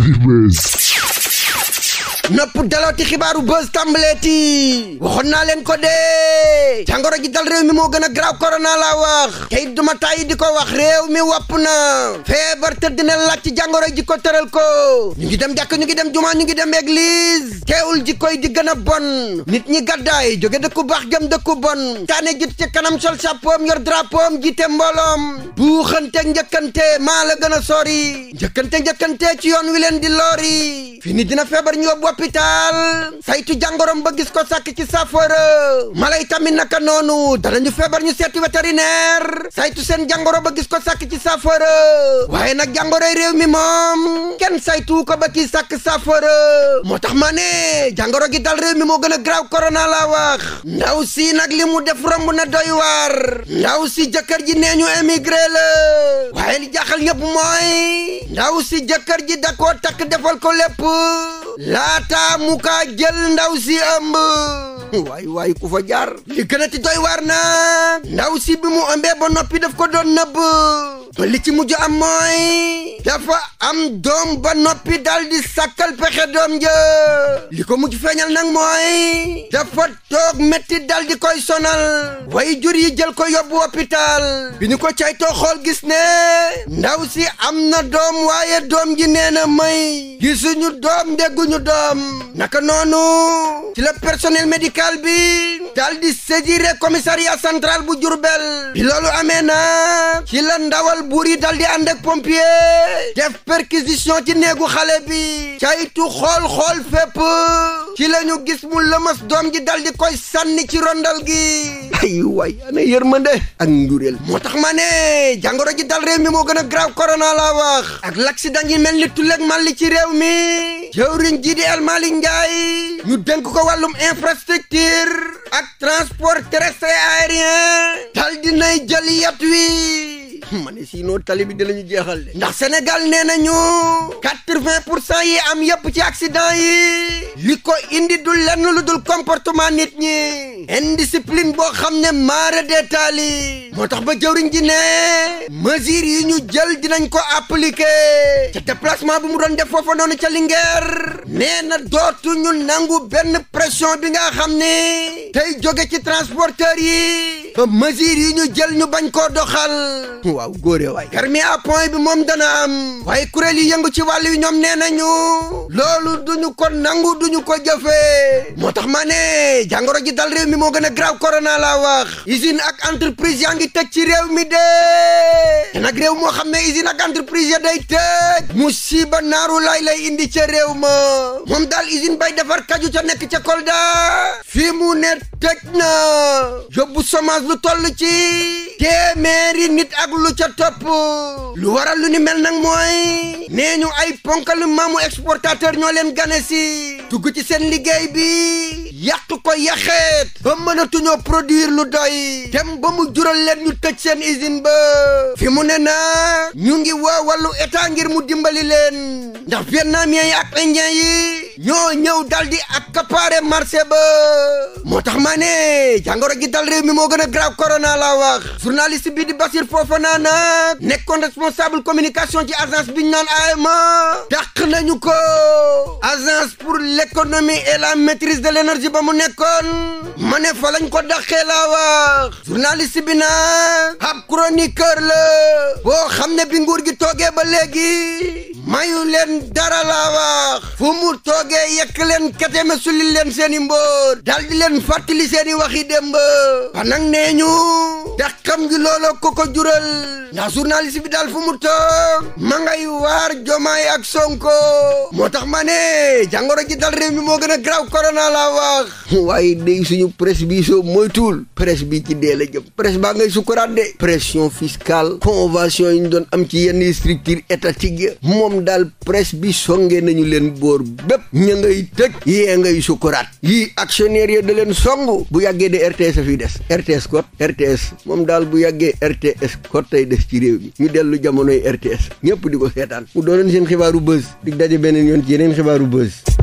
Heavy Mess. nopp dalooti xibaaru buzz tàmbaleeti waxoon naa leen ko dee jàngoro ji dal réew mi moo gën a graaw korona laa wax tey duma tàyyi di ko wax réew mi wopp na feebar tëdd na laaj ci jàngoro ji ko tëral ko ñu ngi dem jàkk ñu ngi dem jumaa ñu ngi dem église teewul ji koy di gën a bon nit ñi gàddaay jóge dëkku baax jëm dëkku bon taane jit ci kanam sol sàppoom yor drapoom jiite mbooloom buuxante njëkkante maa la gën a sori njëkkante njëkkante ci yoon wi leen di loori feebar hôpital saytu jàngorom ba gis ko sàkk ci saafara mala yi tamit naka noonu danañu feebar ñu seeti vétérinaire saytu seen jàngoro ba gis ko sàkk ci saafara waaye nag jàngoroy réew mi moom kenn saytu ko ba ci sàkk saafara moo tax ma ne jàngoro gi dal réew mi moo gën a graaw corona laa ndaw si nag li mu def romb na doy ndaw si jëkkër ji nee ñu émigré la waaye li jaaxal ñëpp mooy ndaw si jëkkër ji da koo takk defal ko lépp laata mu ndaw si ëmb waay waay ku fa jaar li gën a ti doy waar na ndaw si bi mu ëmbee ba noppi daf ko doon nëbb ba li ci mujj am mooy dafa am doom ba noppi dal di sàkkal pexe doom ja li ko mujj feeñal nag mooy dafa toog métti dal di koy sonal way jur yi jël ko yóbbu hôpital bi ñu ko caytoo xool gis ne ndaw si am na doom waaye doom ji nee na may gisuñu doom dégguñu doom naka noonu ci la personnel médical bi dal di saisir commissariat central bu Diourbel bi loolu amee na ci la ndawal buur yi dal di ànd ak pompier def perquisition ci néegu xale bi caytu xool xool fépp ci la ñu gis mu lëmas doom ji dal di koy sànni ci rondal gi ay waay ana yërmande ak njureel moo tax ma ne jàngoro ji dal réew mi moo gën a grave corona laa wax ak l'accident yi mel ni tulleeg mal li ci réew mi jëwriñ ji di El Malick Ndiaye ñu dénk ko wàllum infrastructure ak transport terrestre et aérien dal dinay wi ma ne sinon tali bi dinañu jeexal de ndax Sénégal nee na quatre-vingt pour cent yi am yëpp ci accident yi li ko indi dul lenn lu dul comportement nit ñi indiscipline boo xam ne maara détail yi moo tax ba jëwriñ ji ne mesures yi ñu jël dinañ ko appliquer ca déplacement bu mu doon def foofa noonu ca Linguère nee na dootuñu nangu benn pression bi nga xam ne tey jóge ci transporteur yi mesures yi ñu jël ñu bañ koo doxal waaw góore waay garmi à point bi moom dana am waaye kuréel yi yëngu ci wàll yi ñoom nee nañu loolu duñu ko nangu duñu ko jëfee moo tax maa ne jàngoro ji dal réew mi moo gën a grave corona laa wax usine ak entreprise yaa ngi tëj ci réew mi de te nag réew moo xam ne usine ak entreprise ya day tëj musiba naaru lay lay indi ca réew ma moom daal usine bay defar kaju ca nekk ca Kolda fi mu ne tëj na yóbbu chômage lu toll ci téeméeri nit ak lu ca topp lu waral lu ni mel nan mooy nee ñu ay ponkalu maamu exportateur ñoo leen gane si tugg ci seen liggéey bi ko yaxeet ba mënatuñoo produire lu doy dem ba mu jural leen ñu tëj seen ba fi mu ne naa ñu ngi woo wàllu état ngir mu dimbali leen ndax vietnamiens yi ak indiens ñoo ñëw dal ak accaparer marché ba moo tax maa ne jàngoro gi dal réew mi moo gën a grave corona laa wax journaliste bi di Basir Fofana nag nekkoon responsable communication ci agence bi ñu naan AMA dàq nañu ko agence pour l'économie et la maîtrise de l'énergie ba mu nekk nekkoon ma ne fa lañ ko daqee laa wax journaliste bi na ab chroniqueur la boo xam ne bi nguur gi toogee ba léegi mayu leen dara laa wax fu mu toogee yekk leen keteme sulil leen seeni mbóor dal di leen fàttali seeni waxi démb ba nag nee ñu ndax xam ngi looloo ko ko jural ndax journaliste bi daal fu mu toog ma ngay waar jomaay ak sonko moo tax ma ne jàngoro ji dal réew mi moo gën a graw korona laa wax waaye day suñu presse bi soo moytuwul presse bi ci dee la jëm presse baa ngay sukkuraat de pression fiscale convention yi ñu doon am ci yenn structure étatique moom ñoom daal presse bi songe nañu leen boor bépp ña ngay tëj yee ngay sukkuraat yii actionnaire yi da leen song bu yàggee de RTS a fi des RTS kot RTS moom daal bu yàggee RTS kot tey des ci réew mi ñu dellu jamonoy RTS ñëpp di ko seetaan mu doonoon seen xibaaru buzz di daje beneen yoon ci yeneen xibaaru buzz